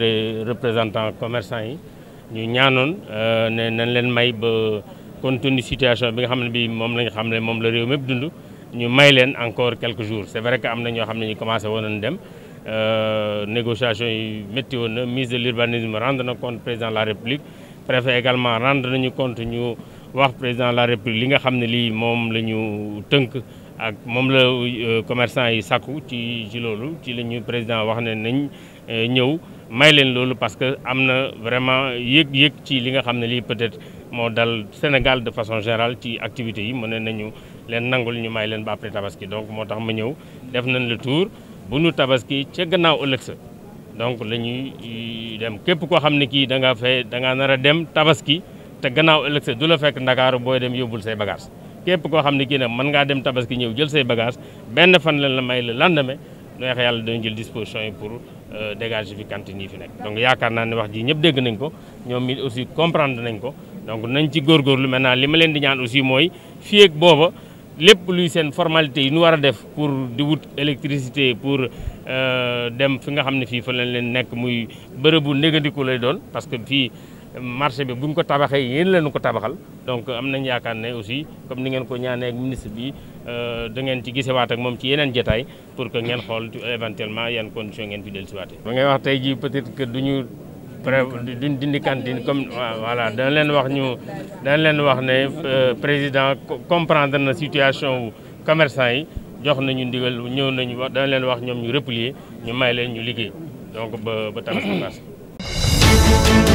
rencontré représentant commerçants yi ñu ñaanoon euh, né nañ leen may ba compte situation bi nga xamné bi mom la nga xam la réew dund ñu may leen encore quelques jours c'est vrai que amna ño xamné ñu commencé woon nañ dem euh, négociation yi metti woon na de l'urbanisme rendre na compte président de la république préfet également rendre nañu compte ñu wax président de la république li nga xamné li mom lañu teunk ak mom la euh, commerçant yi sakku ci ci loolu ci lañu président wax ne nañ euh, ñew may leen loolu parce que amna vraiment yek yek ci li nga xamné li peut-être mo dal Sénégal de façon générale ci activité yi mën nañu leen nangul ñu may leen ba après tabaski donc motax ma ñew def nañ le tour bu ñu tabaski ci gannaaw ëllëg donc la euh, dem képp koo xam ne kii da nga fay da nga nar a dem tabaski te gannaaw ëllëg du la fekk ndakaaru booy dem yóbbul say bagage képp koo xam ne kii nag mën ngaa dem tabaski ñëw jël say bagage benn fan la la may le lendemain neex yàlla dañu jël disposition yi pour euh, dégager fi cantine yi fi nekk donc yaakaar naa ne wax jii ñëpp dégg nañ ko ñoom it aussi comprendre nañ ko donc nañ ci lu góorgóorlu naa li ma leen di ñaan aussi mooy fii ak booba lépp luy seen formalité yi nu war a def pour di wut électricité pour euh, dem fi nga xam ne fii fa lañ leen nekk muy bërëbu négandiku lay doon parce que marché bi buñ ko tabaxé yeen lañ ko tabaxal donc am nañ yaakaar né aussi comme ni ngeen ko ñaané ak ministre bi euh da ngeen ci gissé gisewaat ak mom ci yeneen jotaay pour que ngeen xol éventuellement yeen condition ngeen fi dellusiwaatee. ba ngay wax tay ji peut être que duñu pré duñ dindi cantine comme voilà dana leen wax ñu dana leen wax né euh, président comprendre na situation commerçant yi jox nañu ndigal ñew nañu wax leen wax ñom ñu replier ñu may leen ñu liggéey donc ba ba tax tabaski marché.